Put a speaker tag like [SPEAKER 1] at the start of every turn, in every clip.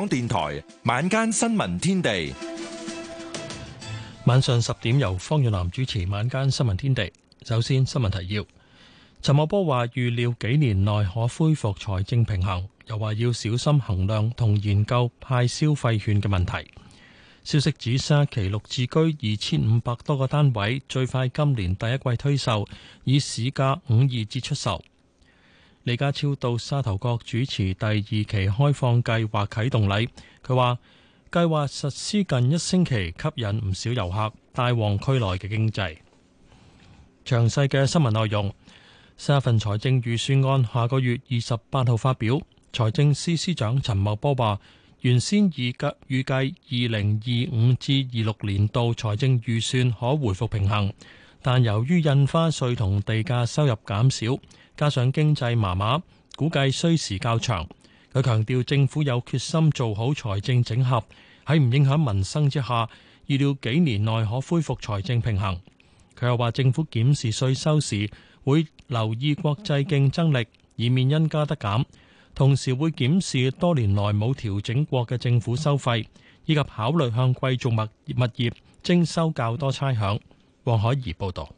[SPEAKER 1] 香港電台晚間新聞天地，晚上十點由方遠南主持晚間新聞天地。首先，新聞提要：陳茂波話預料幾年內可恢復財政平衡，又話要小心衡量同研究派消費券嘅問題。消息指沙琪綠置居二千五百多個單位最快今年第一季推售，以市價五二折出售。李家超到沙頭角主持第二期開放計劃啟動禮，佢話計劃實施近一星期，吸引唔少遊客，帶旺區內嘅經濟。詳細嘅新聞內容，新一份財政預算案下個月二十八號發表。財政司司長陳茂波話，原先預計預計二零二五至二六年度財政預算可回復平衡，但由於印花稅同地價收入減少。加上經濟麻麻，估計需時較長。佢強調政府有決心做好財政整合，喺唔影響民生之下，預料幾年內可恢復財政平衡。佢又話政府檢視稅收時，會留意國際競爭力，以免因加得減，同時會檢視多年來冇調整過嘅政府收費，以及考慮向貴重物物業徵收較多差餉。黃海怡報導。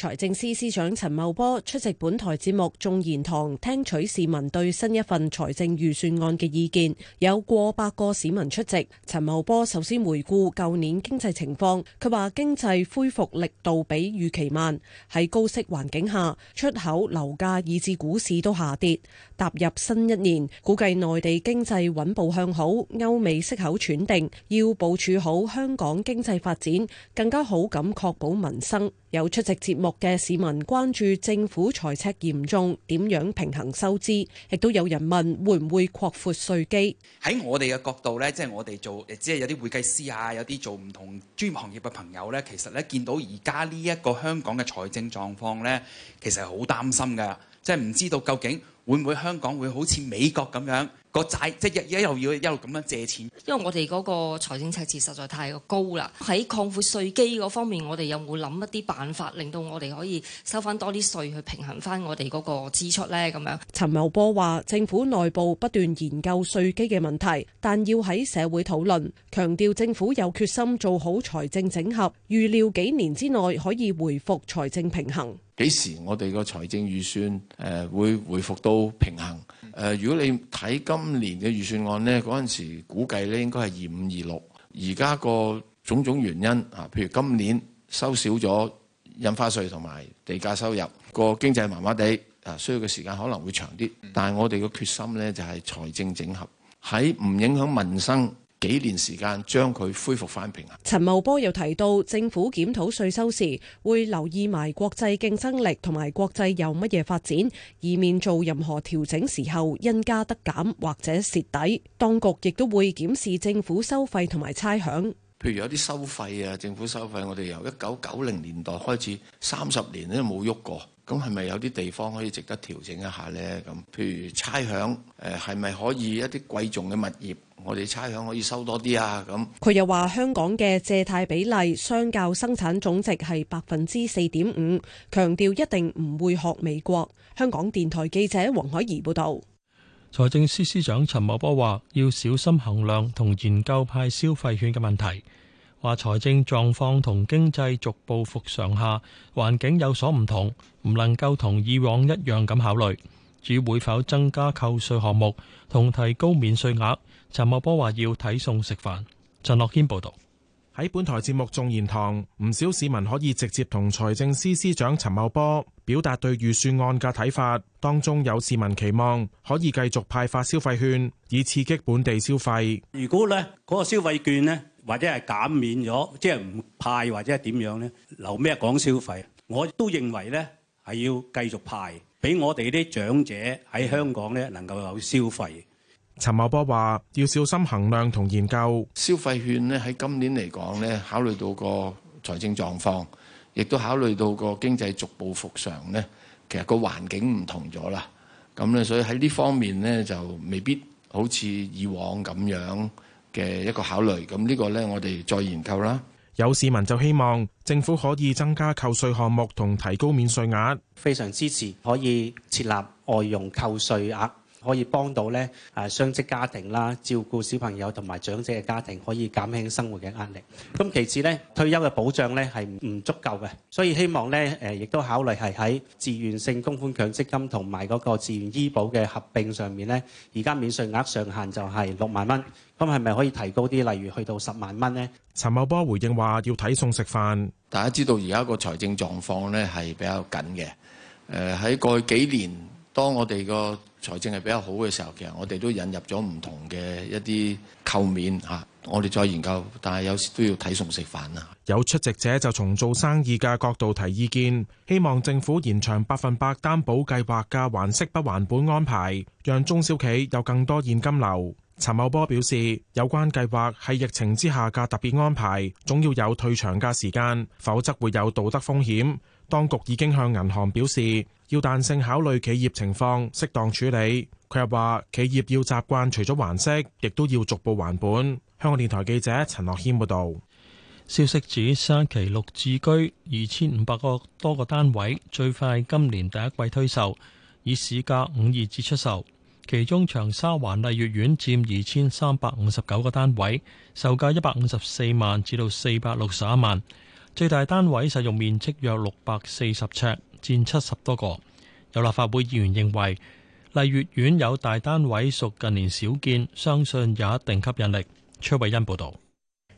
[SPEAKER 2] 財政司司長陳茂波出席本台節目眾言堂，聽取市民對新一份財政預算案嘅意見，有過百個市民出席。陳茂波首先回顧舊年經濟情況，佢話經濟恢復力度比預期慢，喺高息環境下，出口、樓價以至股市都下跌。踏入新一年，估計內地經濟穩步向好，歐美息口喘定，要部署好香港經濟發展，更加好咁確保民生。有出席節目嘅市民關注政府財赤嚴重，點樣平衡收支，亦都有人問會唔會擴闊稅基。
[SPEAKER 3] 喺我哋嘅角度呢，即係我哋做，即係有啲會計師啊，有啲做唔同專業行業嘅朋友呢，其實呢見到而家呢一個香港嘅財政狀況呢，其實係好擔心嘅，即係唔知道究竟會唔會香港會好似美國咁樣。個債即係一一路要一路咁樣借錢，
[SPEAKER 4] 因為我哋嗰個財政赤字實在太過高啦。喺擴闊稅基嗰方面，我哋有冇諗一啲辦法，令到我哋可以收翻多啲稅去平衡翻我哋嗰個支出呢？咁樣，
[SPEAKER 2] 陳茂波話：政府內部不斷研究稅基嘅問題，但要喺社會討論，強調政府有決心做好財政整合，預料幾年之內可以回復財政平衡。
[SPEAKER 5] 幾時我哋個財政預算誒、呃、會回復到平衡？誒、呃，如果你睇今年嘅預算案咧，嗰陣時估計咧應該係二五二六，而家個種種原因啊，譬如今年收少咗印花稅同埋地價收入，個經濟麻麻地啊，需要嘅時間可能會長啲，但係我哋嘅決心咧就係、係、財政整合，喺唔影響民生。幾年時間將佢恢復翻平衡。
[SPEAKER 2] 陳茂波又提到，政府檢討稅收時會留意埋國際競爭力同埋國際有乜嘢發展，以免做任何調整時候因加得減或者蝕底。當局亦都會檢視政府收費同埋
[SPEAKER 5] 差餉。譬如有啲收費啊，政府收費，我哋由一九九零年代開始三十年都冇喐過。咁係咪有啲地方可以值得調整一下呢？咁，譬如差餉，誒係咪可以一啲貴重嘅物業，我哋差餉可以收多啲啊？咁
[SPEAKER 2] 佢又話香港嘅借貸比例相較生產總值係百分之四點五，強調一定唔會學美國。香港電台記者黃海怡報道。
[SPEAKER 1] 財政司司長陳茂波話：要小心衡量同研究派消費券嘅問題。話財政狀況同經濟逐步復常下，環境有所唔同，唔能夠同以往一樣咁考慮。至於會否增加扣稅項目同提高免稅額，陳茂波話要睇餸食飯。陳樂謙報道。
[SPEAKER 3] 喺本台節目眾言堂，唔少市民可以直接同財政司司長陳茂波表達對預算案嘅睇法，當中有市民期望可以繼續派發消費券，以刺激本地消費。
[SPEAKER 1] 如果呢，嗰個消費券呢？或者係減免咗，即係唔派，或者係點樣咧？留咩講消費？我都認為咧係要繼續派，俾我哋啲長者喺香港咧能
[SPEAKER 5] 夠有消費。陳
[SPEAKER 3] 茂波話：要小心衡量同研究
[SPEAKER 5] 消費券咧，喺今年嚟講咧，考慮到個財政狀況，亦都考慮到個經濟逐步復常咧，其實個環境唔同咗啦。咁咧，所以喺呢方面咧就未必好似以往咁樣嘅一個考慮，咁呢個呢，我哋再研究啦。
[SPEAKER 3] 有市民就希望政府可以增加扣稅項目
[SPEAKER 1] 同提高免稅額，非常支持可以設立外傭扣稅額。可以幫到咧，誒雙職家庭啦，照顧小朋友同埋長者嘅家庭，可以減輕生活嘅壓力。咁其次咧，退休嘅保障咧係唔足夠嘅，所以希望咧誒亦都考慮係喺自願性公款強積金同埋嗰個自願醫保嘅合並上面咧。而家免稅額上限就係六萬蚊，咁係咪可以提高啲，例如去到十
[SPEAKER 3] 萬蚊咧？陳茂波回應話：要睇餸食飯。
[SPEAKER 5] 大家知道而家個財政狀況咧係比較緊嘅，誒喺過去幾年。當我哋個財政係比較好嘅時候，其實我哋都引入咗唔同嘅一啲扣免嚇、啊，我哋再研究，但係有時都要睇餸食飯啦。
[SPEAKER 3] 有出席者就從做生意嘅角度提意見，希望政府延長百分百擔保計劃嘅還息不還本安排，讓中小企有更多現金流。陳茂波表示，有關計劃係疫情之下嘅特別安排，總要有退場嘅時間，否則會有道德風險。當局已經向銀行表示。要彈性考慮企業情況，適當處理。佢又話：企業要習慣除咗還息，亦都要逐步還本。香港電台記者陳
[SPEAKER 1] 樂軒報導。消息指，三期綠置居二千五百個多個單位，最快今年第一季推售，以市價五二折出售。其中，長沙灣麗月苑佔二千三百五十九個單位，售價一百五十四萬至到四百六十一萬，最大單位實用面積約六百四十尺。佔七十多個，有立法會議員認為，麗月苑有大單位屬近年少見，相信有一定吸引力。崔慧欣報導。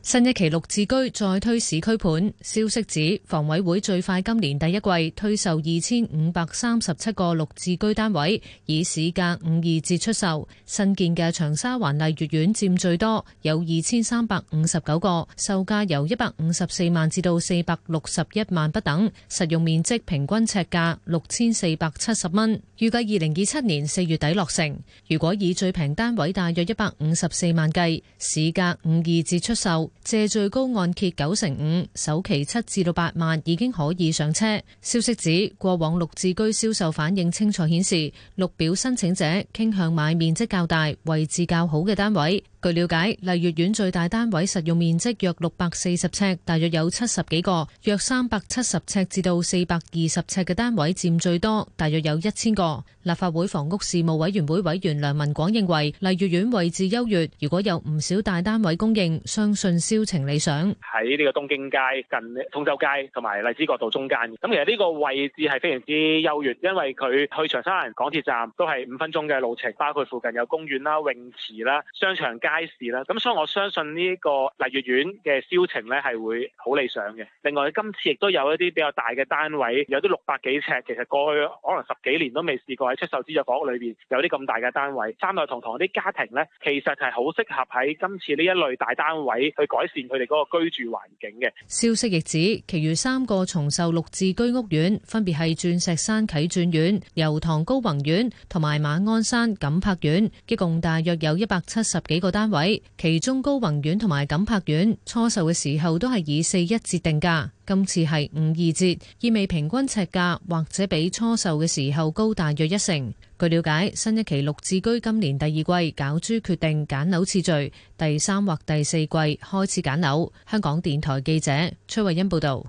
[SPEAKER 6] 新一期綠置居再推市區盤，消息指房委會最快今年第一季推售二千五百三十七個綠置居單位，以市價五二折出售。新建嘅長沙灣麗月苑佔最多，有二千三百五十九個，售價由一百五十四萬至到四百六十一萬不等，實用面積平均尺價六千四百七十蚊。預計二零二七年四月底落成。如果以最平單位大約一百五十四萬計，市價五二折出售。借最高按揭九成五，首期七至到八萬已經可以上車。消息指，過往綠置居銷售反應清楚顯示，綠表申請者傾向買面積較大、位置較好嘅單位。據了解，麗月苑最大單位實用面積約640呎，大約有70幾個，約370呎至到420呎嘅單位佔最多，大約有1000個。立法會房屋事務委員會委員梁文廣認為，麗月苑位置優越，如果有唔少大單位供應，相信銷情理想。
[SPEAKER 1] 喺呢個東京街，近通州街同埋荔枝角道中間，咁其實呢個位置係非常之優越，因為佢去長沙灣港鐵站都係5分鐘嘅路程，包括附近有公園、泳池、商場街、街市啦，咁所以我相信呢個麗月苑嘅銷情呢係會好理想嘅。另外今次亦都有一啲比較大嘅單位，有啲六百幾尺，其實過去可能十幾年都未試過喺出售資助房屋裏邊有啲咁大嘅單位。三代同堂啲家庭呢，其實係好適合喺今次呢一類大單位去改善佢哋嗰個居住環境嘅。
[SPEAKER 6] 消息亦指，其餘三個重售六字居屋苑，分別係鑽石山啟鑽苑、油塘高宏苑同埋馬鞍山錦柏苑，一共大約有一百七十幾個單位。單位其中高宏苑同埋錦柏苑初售嘅時候都係以四一折定價，今次係五二折，意味平均尺價或者比初售嘅時候高大約一成。據了解，新一期綠置居今年第二季攪珠決定揀樓次序，第三或第四季開始揀樓。香港電台記者崔慧欣報道，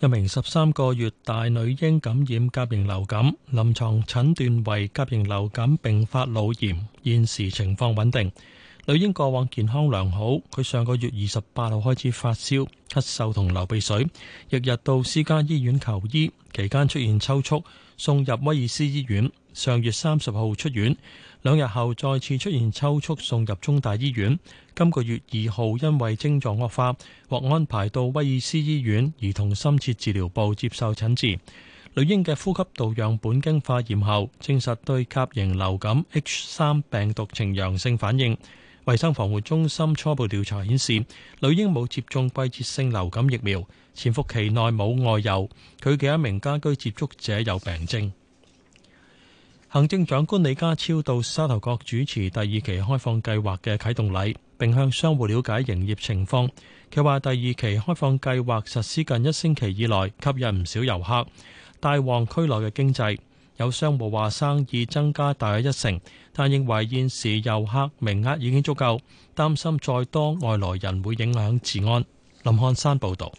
[SPEAKER 1] 一名十三個月大女嬰感染甲型流感，臨床診斷為甲型流感併發腦炎，現時情況穩定。女嬰過往健康良好，佢上個月二十八號開始發燒、咳嗽同流鼻水，日日到私家醫院求醫，期間出現抽搐，送入威爾斯醫院。上月三十號出院，兩日後再次出現抽搐，送入中大醫院。今個月二號因為症狀惡化，獲安排到威爾斯醫院兒童深切治療部接受診治。女嬰嘅呼吸道樣本經化驗後，證實對甲型流感 H 三病毒呈陽性反應。衛生防護中心初步調查顯示，女嬰冇接種季節性流感疫苗，潛伏期內冇外遊。佢嘅一名家居接觸者有病徵。行政長官李家超到沙頭角主持第二期開放計劃嘅啟動禮，並向商戶了解營業情況。佢話第二期開放計劃實施近一星期以來，吸引唔少遊客，大旺區內嘅經濟。有商戶話生意增加大約一成，但認為現時遊客名額已經足夠，擔心再多外來人會影響治安。林漢山報道。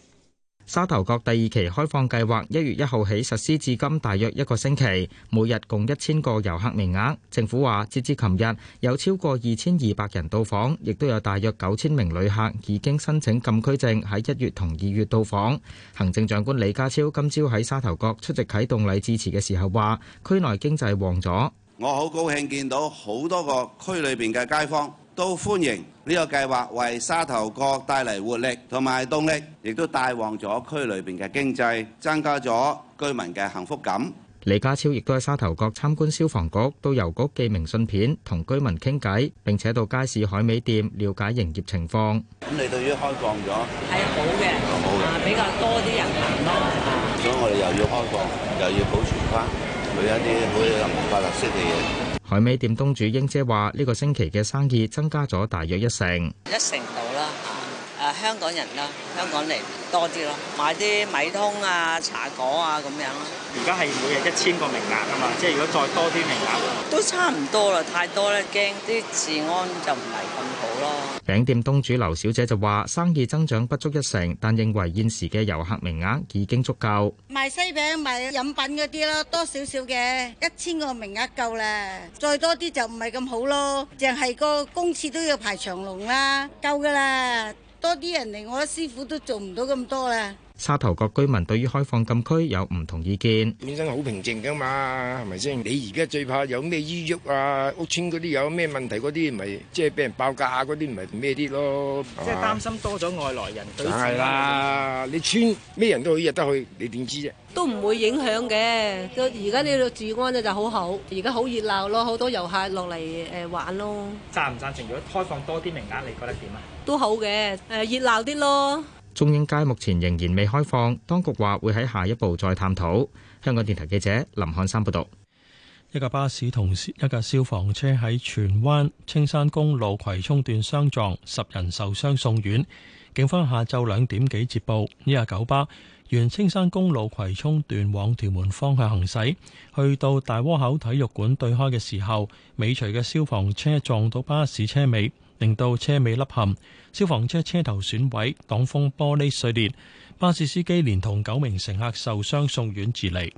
[SPEAKER 1] 沙頭角第二期開放計劃一月一
[SPEAKER 7] 號起實施，至今大約一個星期，每日共一千個遊客名額。政府話，截至琴日，有超過二千二百人到訪，亦都有大約九千名旅客已經申請禁區證喺一月同二月到訪。行政長官李家超今朝喺沙頭角出席啟動禮致辭嘅時候話，區內經濟旺咗，
[SPEAKER 2] 我好高興見到好多個區裏邊嘅街坊。都歡迎呢個計劃為沙頭角帶嚟活力同埋動力，亦都帶旺咗區裏邊嘅經濟，增加咗居民嘅幸福感。
[SPEAKER 7] 李家超亦都喺沙頭角參觀消防局，到郵局寄明信片同居民傾偈，並且到街市海味店瞭解營業情況。
[SPEAKER 2] 咁你對於開放咗係好嘅，比較多啲人行咯。
[SPEAKER 5] 所以我哋又要開放，又要保存翻佢一啲可以有文化特色嘅嘢。
[SPEAKER 7] 海味店東主英姐話：呢個星期嘅生意增加咗大約一成。一
[SPEAKER 6] 成。
[SPEAKER 8] 香港人啦，香港嚟多啲咯，買啲米通啊、茶果啊咁樣咯。而
[SPEAKER 7] 家係每日一千個名額啊嘛，即係如果再多啲名額，
[SPEAKER 8] 都差唔多啦。太多喇，驚啲治安就唔係咁好
[SPEAKER 7] 咯。餅店東主劉小姐就話：生意增長不足一成，但認為現時嘅遊客名額已經足夠。
[SPEAKER 4] 賣西餅、賣飲品嗰啲咯，多少少嘅一千個名額夠啦，再多啲就唔係咁好咯，淨係個公廁都要排長龍啦，夠㗎喇。多啲人嚟，我師傅都做唔到咁多啦。
[SPEAKER 7] 沙頭角居民對於開放禁區有唔同意見。
[SPEAKER 5] 本身好平靜噶嘛，係咪先？你而家最怕有咩淤郁啊？屋村嗰啲有咩問題嗰啲，咪即係俾人爆價嗰啲，咪咩啲咯？即係擔心多
[SPEAKER 7] 咗外來人。梗係啦，
[SPEAKER 5] 你村咩人都可以入得去，你點知啫？
[SPEAKER 2] 都唔會影響嘅。都而家呢度治安咧就好好。而家好熱鬧咯，好多遊客落嚟誒玩咯。贊唔贊成？如果
[SPEAKER 7] 開放多啲名額，你覺得點
[SPEAKER 2] 啊？都好嘅，誒、呃、熱鬧啲咯。
[SPEAKER 7] 中英街目前仍然未開放，當局話會喺下一步再探討。香港電台記者林漢山報道：
[SPEAKER 1] 一架巴士同一架消防車喺荃灣青山公路葵涌段相撞，十人受傷送院。警方下晝兩點幾接報，呢架九巴沿青山公路葵涌段往屯門方向行駛，去到大窩口體育館對開嘅時候，尾隨嘅消防車撞到巴士車尾。令到車尾凹陷，消防車車頭損毀，擋風玻璃碎裂，巴士司機連同九名乘客受傷送院治理。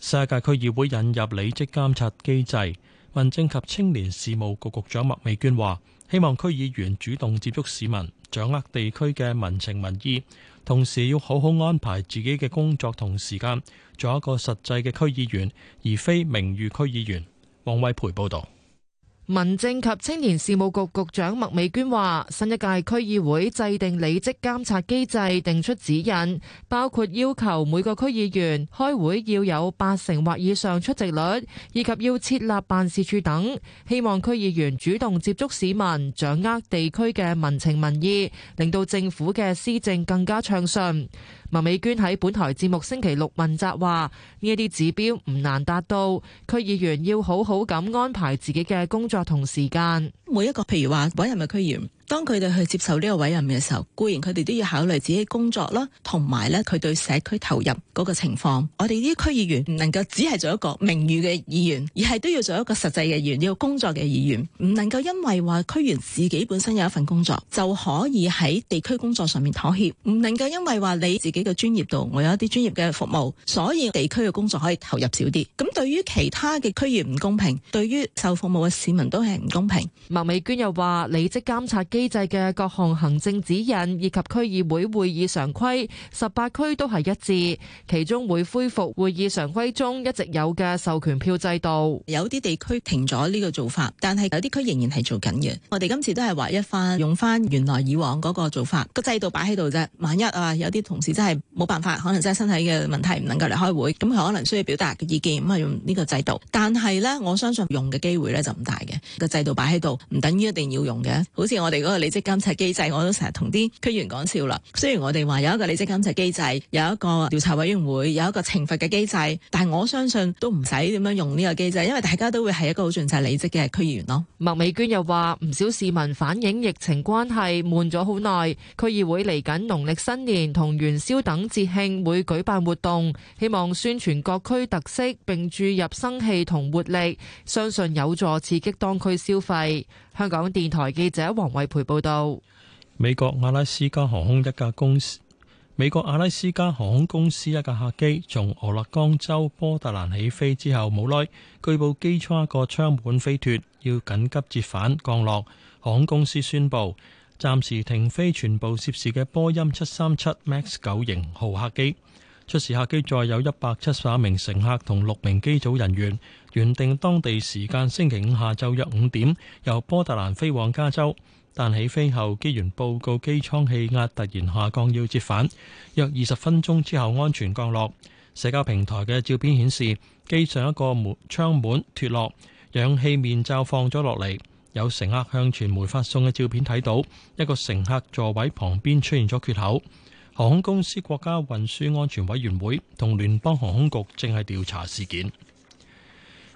[SPEAKER 1] 世界區議會引入履職監察機制，民政及青年事務局局，局長麥美娟話：希望區議員主動接觸市民，掌握地區嘅民情民意，同時要好好安排自己嘅工作同時間，做一個實際嘅區議員，而非名譽區議員。王偉培報導。
[SPEAKER 9] 民政及青年事務局局長麥美娟話：新一屆區議會制定履職監察機制，定出指引，包括要求每個區議員開會要有八成或以上出席率，以及要設立辦事處等。希望區議員主動接觸市民，掌握地區嘅民情民意，令到政府嘅施政更加暢順。麥美娟喺本台節目星期六問責話：呢一啲指標唔難達到，區議員要好好咁安排
[SPEAKER 8] 自己嘅工作同時間。每一個譬如話係咪區議員。當佢哋去接受呢個委任嘅時候，固然佢哋都要考慮自己工作啦，同埋咧佢對社區投入嗰個情況。我哋啲區議員唔能夠只係做一個名譽嘅議員，而係都要做一個實際嘅議員，呢個工作嘅議員。唔能夠因為話區員自己本身有一份工作，就可以喺地區工作上面妥協。唔能夠因為話你自己嘅專業度，我有一啲專業嘅服務，所以地區嘅工作可以投入少啲。咁對於其他嘅區議員唔公平，對於受服務嘅市民都係唔公平。麥美娟又話，履職監察。機制嘅各項行政
[SPEAKER 9] 指引以及區議會會議常規，十八區都係一致，其中會
[SPEAKER 8] 恢復會議常規中一直有嘅授權票制度。有啲地區停咗呢個做法，但係有啲區仍然係做緊嘅。我哋今次都係話一翻，用翻原來以往嗰個做法，個制度擺喺度啫。萬一啊，有啲同事真係冇辦法，可能真係身體嘅問題唔能夠嚟開會，咁佢可能需要表達嘅意見，咁啊用呢個制度。但係咧，我相信用嘅機會咧就唔大嘅。個制度擺喺度，唔等於一定要用嘅。好似我哋。嗰個履職監察機制，我都成日同啲區議員講笑啦。雖然我哋話有一個履職監察機制，有一個調查委員會，有一個懲罰嘅機制，但係我相信都唔使點樣用呢個機制，因為大家都會係一個好盡責履職嘅區議員咯。麥美娟又話：唔少市民反映疫情關係，悶咗好耐。
[SPEAKER 9] 區議會嚟緊農曆新年同元宵等節慶會舉辦活動，希望宣傳各區特色並注入生氣同活力，相信有助刺激當區消費。香港電台記者王慧培報道：
[SPEAKER 1] 美國阿拉斯加航空一架公司美國阿拉斯加航空公司一架客機從俄勒岡州波特蘭起飛之後冇耐，據報機艙一個窗門飛脱，要緊急折返降落。航空公司宣布暫時停飛全部涉事嘅波音七三七 MAX 九型號客機。出事客機載有一百七十一名乘客同六名機組人員。原定當地時間星期五下晝約五點由波特蘭飛往加州，但起飛後機員報告機艙氣壓突然下降，要折返。約二十分鐘之後安全降落。社交平台嘅照片顯示，機上一個門窗門脫落，氧氣面罩放咗落嚟。有乘客向傳媒發送嘅照片睇到，一個乘客座位旁邊出現咗缺口。航空公司、國家運輸安全委員會同聯邦航空局正係調查事件。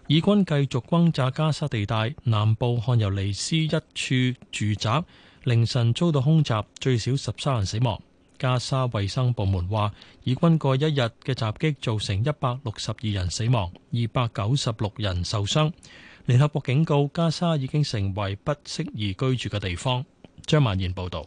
[SPEAKER 1] 以軍繼續轟炸加沙地帶南部漢尤尼斯一處住宅，凌晨遭到空襲，最少十三人死亡。加沙衛生部門話，以軍過一日嘅襲擊造成一百六十二人死亡，二百九十六人受傷。聯合國警告，加沙已經成為不適宜居住嘅地方。張曼燕報導。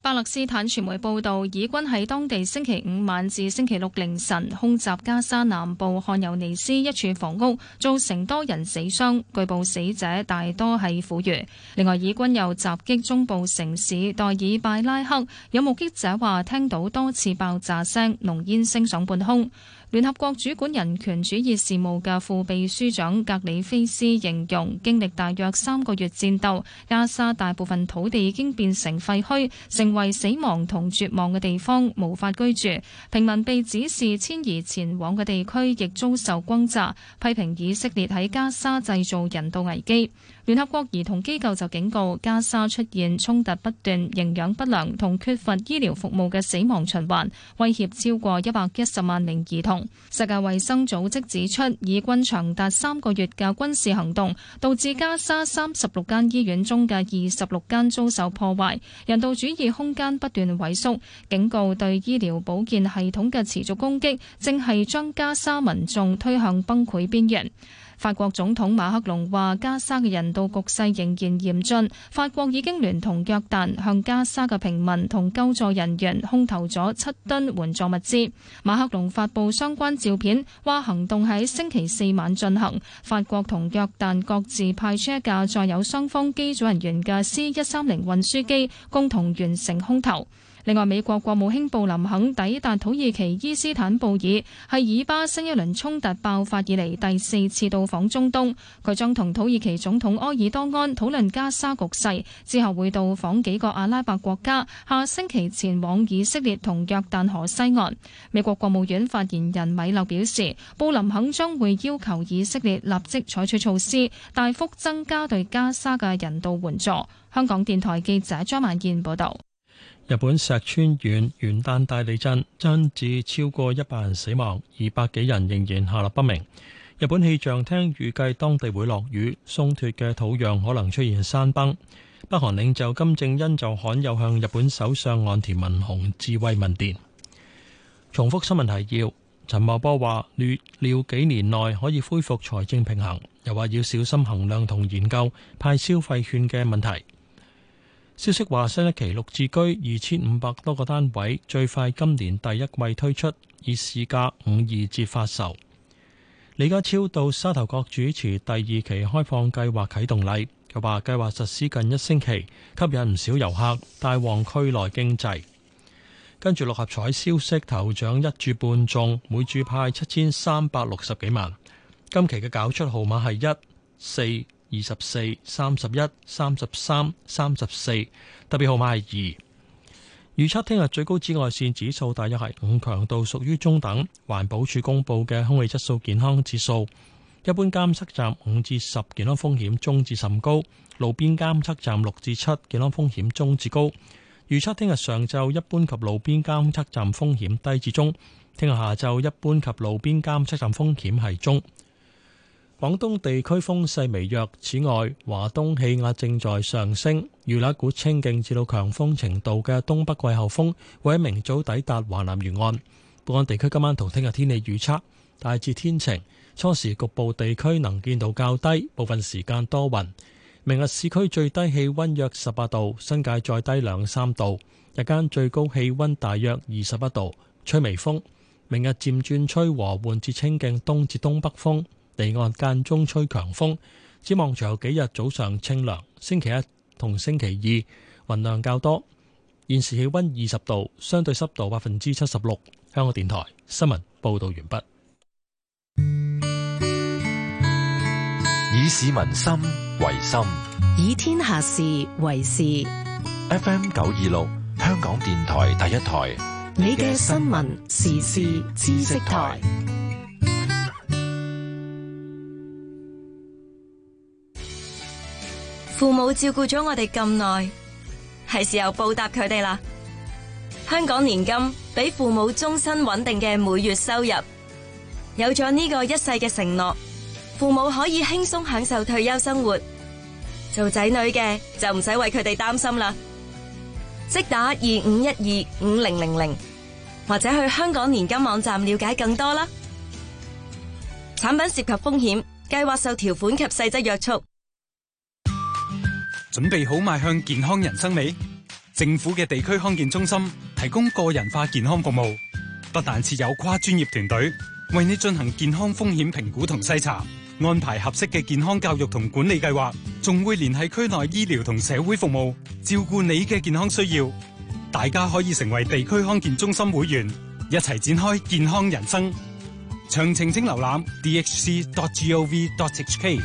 [SPEAKER 4] 巴勒斯坦傳媒報道，以軍喺當地星期五晚至星期六凌晨空襲加沙南部漢尤尼斯一處房屋，造成多人死傷，據報死者大多係婦孺。另外，以軍又襲擊中部城市代爾拜拉克，有目擊者話聽到多次爆炸聲，濃煙升上半空。聯合國主管人權主義事務嘅副秘書長格里菲斯形容，經歷大約三個月戰鬥，加沙大部分土地已經變成廢墟，成為死亡同絕望嘅地方，無法居住。平民被指示遷移前往嘅地區亦遭受轟炸，批評以色列喺加沙製造人道危機。聯合國兒童機構就警告，加沙出現衝突不斷、營養不良同缺乏醫療服務嘅死亡循環，威脅超過一百一十萬名兒童。世界衛生組織指出，以軍長達三個月嘅軍事行動，導致加沙三十六間醫院中嘅二十六間遭受破壞，人道主義空間不斷萎縮，警告對醫療保健系統嘅持續攻擊，正係將加沙民眾推向崩潰邊緣。法國總統馬克龍話：加沙嘅人道局勢仍然嚴峻，法國已經聯同約旦向加沙嘅平民同救助人員空投咗七噸援助物資。馬克龍發佈相關照片，話行動喺星期四晚進行，法國同約旦各自派出一架載有雙方機組人員嘅 C 一三零運輸機，共同完成空投。另外，美國國務卿布林肯抵達土耳其伊斯坦布爾，係以巴新一輪衝突爆發以嚟第四次到訪中東，佢將同土耳其總統埃爾多安討論加沙局勢，之後會到訪幾個阿拉伯國家，下星期前往以色列同約旦河西岸。美國國務院發言人米勒表示，布林肯將會要求以色列立即採取措施，大幅增加對加沙嘅人道援助。香港電台記者張萬燕報道。
[SPEAKER 1] 日本石川縣元旦大地震增至超過一百人死亡，二百幾人仍然下落不明。日本氣象廳預計當地會落雨，鬆脱嘅土壤可能出現山崩。北韓領袖金正恩就罕有向日本首相岸田文雄致慰問電。重複新聞提要：陳茂波話預料幾年內可以恢復財政平衡，又話要小心衡量同研究派消費券嘅問題。消息話新一期綠置居二千五百多個單位最快今年第一季推出，以市價五二折發售。李家超到沙頭角主持第二期開放計劃啟動禮，佢話計劃實施近一星期，吸引唔少遊客，帶旺區內經濟。跟住六合彩消息，頭獎一注半中，每注派七千三百六十幾萬。今期嘅搞出號碼係一四。二十四、三十一、三十三、三十四，特別號碼係二。預測聽日最高紫外線指數大約係五強度，屬於中等。環保署公布嘅空氣質素健康指數，一般監測站五至十，10，健康風險中至甚高；路邊監測站六至七，7，健康風險中至高。預測聽日上晝一般及路邊監測站風險低至中，聽日下晝一般及路邊監測站風險係中。廣東地區風勢微弱。此外，華東氣壓正在上升，遇那股清勁至到強風程度嘅東北季候風會喺明早抵達華南沿岸。本港地區今晚同聽日天氣預測，大致天晴，初時局部地區能見度較低，部分時間多雲。明日市區最低氣溫約十八度，新界再低兩三度。日間最高氣溫大約二十一度，吹微風。明日漸轉吹和緩至清勁東至東北風。地岸間中吹強風，展望隨後幾日早上清涼。星期一同星期二雲量較多。現時氣溫二十度，相對濕度百分之七十六。香港電台新聞報道完畢。以市民心
[SPEAKER 9] 為
[SPEAKER 6] 心，以天下事為事。
[SPEAKER 1] F. M. 九二六，香港電台第一台。
[SPEAKER 6] 你嘅新聞時事知識台。
[SPEAKER 8] 父母照顧咗我哋咁耐，係時候報答佢哋啦。香港年金俾父母終身穩定嘅每月收入，有咗呢個一世嘅承諾，父母可以輕鬆享受退休生活，做仔女嘅就唔使為佢哋擔心啦。即打二五一二五零零零，或者去香港年金網站了解更多啦。產品涉及風險，計劃受條款及細則約束。
[SPEAKER 1] 準備好邁向健康人生未？政府嘅地區康健中心提供個人化健康服務，不但設有跨專業團隊，為你進行健康風險評估同篩查，安排合適嘅健康教育同管理計劃，仲會聯繫區內醫療同社會服務，照顧你嘅健康需要。大家可以成為地區康健中心會員，一齊展開健康人生。詳情請瀏覽 dhc.gov.hk。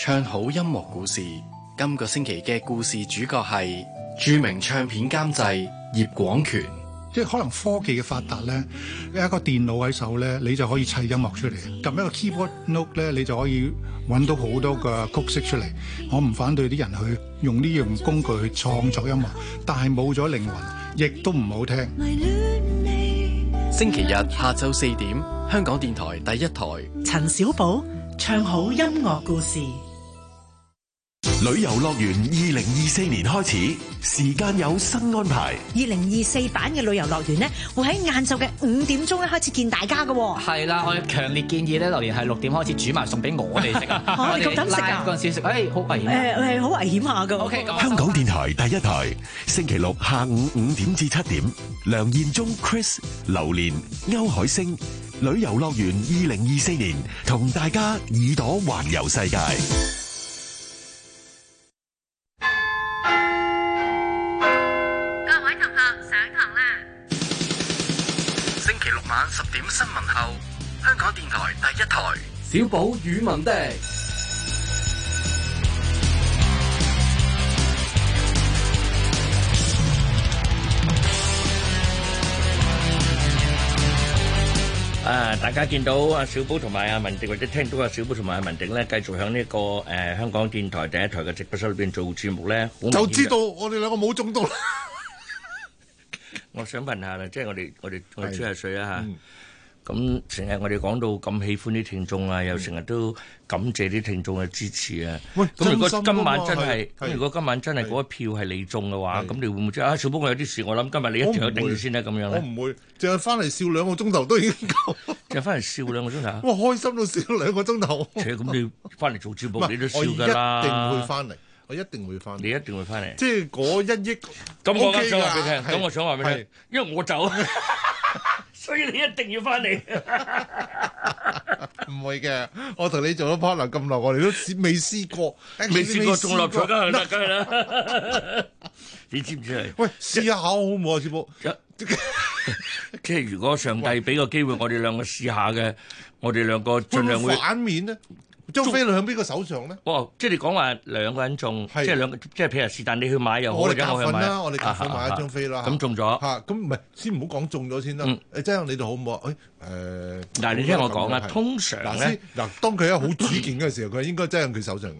[SPEAKER 5] 唱好音樂故事，今個星期嘅故事主角係著名唱片監製葉廣權。即係可能科技嘅發達咧，一個電腦喺手咧，你就可以砌音樂出嚟。撳一個 keyboard note 咧，你就可
[SPEAKER 8] 以揾到好多嘅曲式出嚟。我唔反對啲人去用呢樣工具去創作音樂，但係冇咗靈魂，亦都唔好聽。
[SPEAKER 5] 星期日下晝四點，香港電台第一台，
[SPEAKER 9] 陳小寶唱
[SPEAKER 6] 好音樂故事。
[SPEAKER 5] 旅遊樂園二零二四年開
[SPEAKER 7] 始，時間有新安排。
[SPEAKER 6] 二零二四版嘅旅遊樂園咧，會喺晏晝嘅五點鐘咧開始見大家噶。
[SPEAKER 7] 係啦，我強烈建議咧，榴蓮系六點開始煮埋餸俾我哋食。我哋咁敢食啊？嗰陣時食，哎，好危險。誒，係
[SPEAKER 6] 好危險下噶。香
[SPEAKER 8] 港
[SPEAKER 7] 電台
[SPEAKER 3] 第一台，星期六下午五點至七點，梁彥宗、Chris、榴蓮、歐海星，旅遊樂園二零二四年，同大家耳朵環遊世界。
[SPEAKER 2] 小寶與文迪，
[SPEAKER 1] 啊！大家見到阿小寶同埋阿文迪，或者聽到阿小寶同埋阿文迪呢，繼續喺呢、這個誒、呃、香港電台第一台嘅直播室裏邊做節目咧，就知道
[SPEAKER 9] 我哋兩個冇中毒。
[SPEAKER 1] 我想問下啦，即係我哋我哋的我吹下水啊吓。嗯咁成日我哋講到咁喜歡啲聽眾啊，又成日都感謝啲聽眾嘅支持啊。咁如果今晚真係，如果今晚真係嗰一票係你中嘅話，咁你會唔會知啊？小寶，我有啲事，我諗今日你一定要定住先啦。咁樣咧。我唔
[SPEAKER 9] 會，淨係翻嚟笑兩個鐘頭都已經
[SPEAKER 1] 夠。淨係翻嚟笑兩個鐘頭，哇！
[SPEAKER 9] 開心到笑兩個鐘頭。誒，咁你翻嚟做主播，你都笑㗎啦。我一定會翻嚟，我一定會翻嚟。你一定會翻嚟。即係
[SPEAKER 1] 嗰一億。咁我啱話俾你聽，咁我想話俾你聽，因為我走。
[SPEAKER 5] 所以、哎、你一定要翻
[SPEAKER 9] 嚟，唔 會嘅。我同你做咗 partner 咁耐，我哋都未試過，未、哎、試過中立咗，梗係啦，梗
[SPEAKER 5] 係
[SPEAKER 1] 啦。 你知唔知係？喂，試下
[SPEAKER 9] 好唔好啊，師傅
[SPEAKER 1] 即係如果上帝俾個機會我哋兩個試下嘅，我哋兩個盡量會。會
[SPEAKER 9] 反面咧？張飛你響邊個手上咧？
[SPEAKER 1] 哦！即係你講話兩個人中，即係兩，即係譬如是，但你去買又好我哋夾份啦，我哋夾份一張飛啦。咁中咗，
[SPEAKER 9] 咁唔係先唔好講中咗先啦。即真你哋好唔好啊？
[SPEAKER 1] 嗱，你聽我講啊，通常咧，嗱，當佢一好
[SPEAKER 9] 主見嘅時候，佢應該真係佢手上嘅。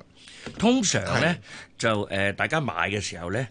[SPEAKER 4] 通常咧就誒，大家買嘅時候咧。